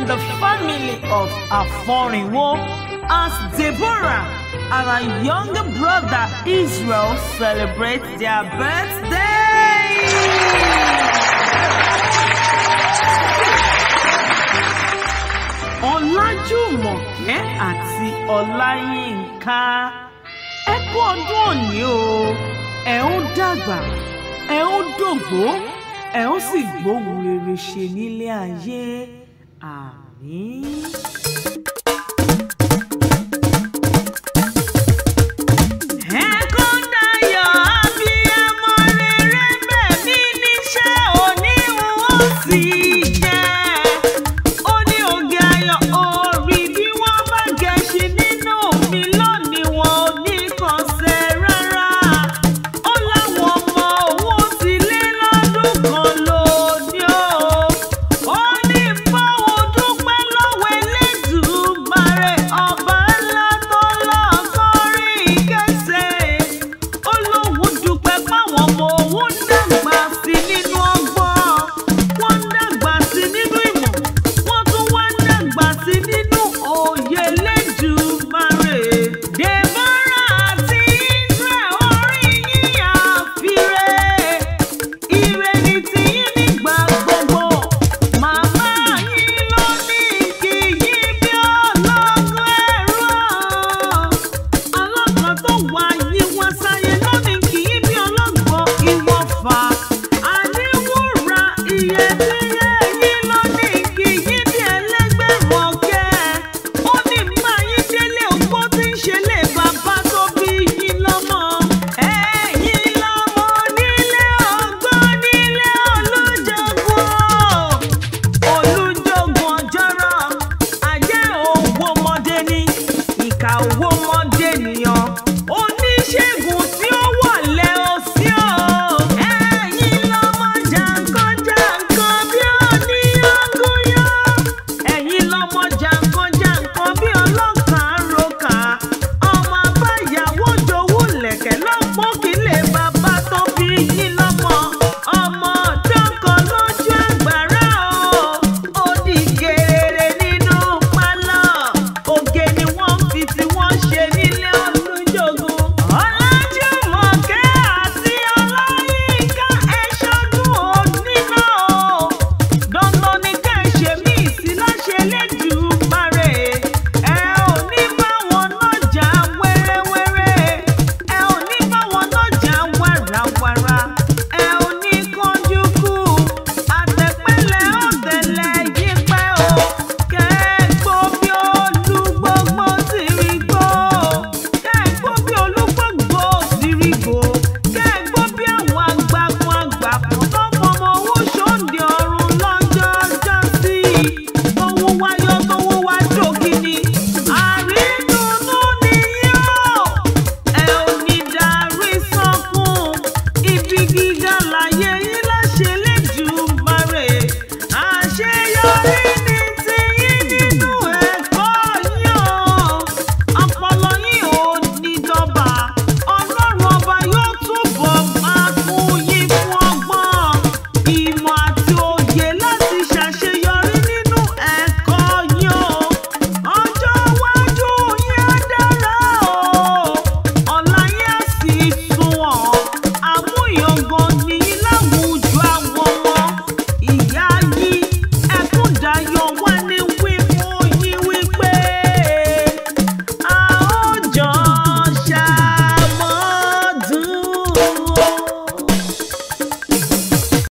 in the family of Aforinwo as Deborah and her younger brother Israel celebrate their birthday. Ọlájùmọ̀kẹ́ àti Ọláyínká ẹ kú ọdún òní o ẹ ń dàgbà ẹ ń dògbó ẹ ń sì gbóhùn rere ṣe nílé ayé. အာမင် I won't.